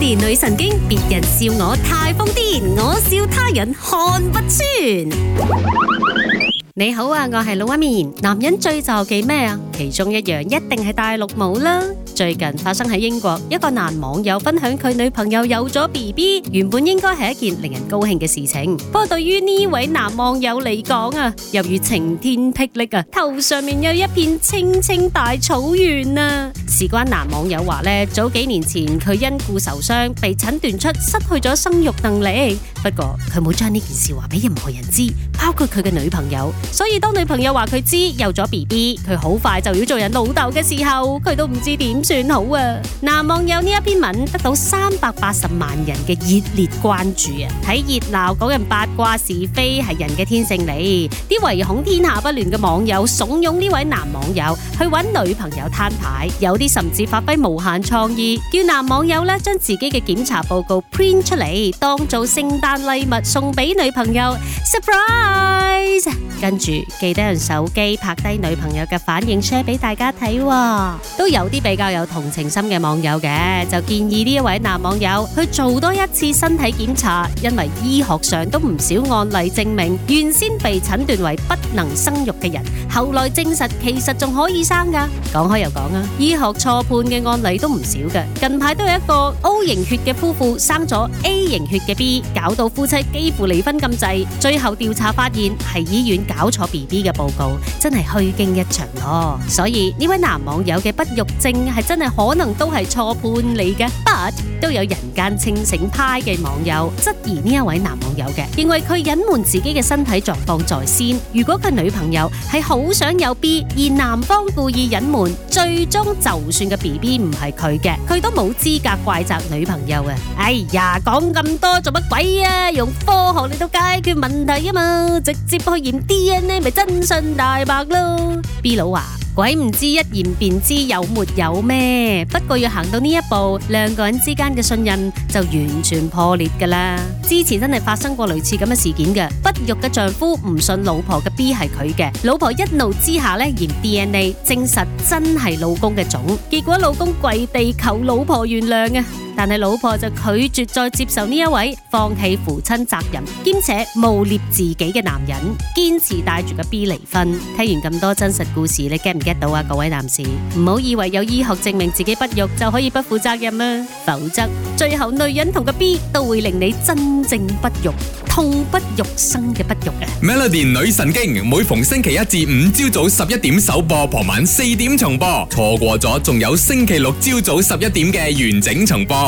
連女神經，別人笑我太瘋癲，我笑他人看不穿。你好啊，我係老媽咪。男人最就忌咩啊？其中一樣一定係戴綠帽啦。最近發生喺英國一個男網友分享佢女朋友有咗 BB，原本應該係一件令人高興嘅事情。不過對於呢位男網友嚟講啊，猶如晴天霹靂啊，頭上面有一片青青大草原啊！事關男網友話咧，早幾年前佢因故受傷，被診斷出失去咗生育能力。不過佢冇將呢件事話俾任何人知，包括佢嘅女朋友。所以當女朋友話佢知有咗 BB，佢好快就要做人老豆嘅時候，佢都唔知點算好啊！男網友呢一篇文得到三百八十萬人嘅熱烈關注啊！睇熱鬧、講人八卦是非係人嘅天性嚟，啲唯恐天下不亂嘅網友慫恿呢位男網友去搵女朋友攤牌，有啲甚至發揮無限創意，叫男網友呢將自己嘅檢查報告 print 出嚟，當做聖誕。禮物送俾女朋友，surprise，跟住記得用手機拍低女朋友嘅反應 share 俾大家睇，都有啲比較有同情心嘅網友嘅，就建議呢一位男網友去做多一次身體檢查，因為醫學上都唔少案例證明，原先被診斷為不能生育嘅人，後來證實其實仲可以生噶。講開又講啊，醫學錯判嘅案例都唔少嘅，近排都有一個 O 型血嘅夫婦生咗 A 型血嘅 B，搞到夫妻幾乎離婚咁滯，最後調查發現係醫院搞錯 B B 嘅報告，真係虛驚一場咯。所以呢位男網友嘅不育症係真係可能都係錯判你嘅。But 都有人間清醒派嘅網友質疑呢一位男網友嘅，認為佢隱瞞自己嘅身體狀況在先。如果佢女朋友係好想有 B，而男方故意隱瞞，最終就算個 B B 唔係佢嘅，佢都冇資格怪責女朋友啊。哎呀，講咁多做乜鬼啊！用科學嚟到解決問題啊嘛，直接去驗 DNA 咪真相大白咯。B 佬話啊：鬼唔知一驗便知有沒有咩，不過要行到呢一步，兩個人之間嘅信任就完全破裂噶啦。之前真係發生過類似咁嘅事件嘅，不育嘅丈夫唔信老婆嘅 B 係佢嘅，老婆一怒之下咧驗 DNA，證實真係老公嘅種，結果老公跪地求老婆原諒啊！但係老婆就拒絕再接受呢一位放棄父親責任兼且誣衊自己嘅男人，堅持帶住個 B 離婚。聽完咁多真實故事，你 get 唔 get 到啊？各位男士，唔好以為有醫學證明自己不育就可以不負責任啦！否則最後女人同個 B 都會令你真正不育、痛不欲生嘅不育啊！Melody 女神經每逢星期一至五朝早十一點首播，傍晚四點重播，錯過咗仲有星期六朝早十一點嘅完整重播。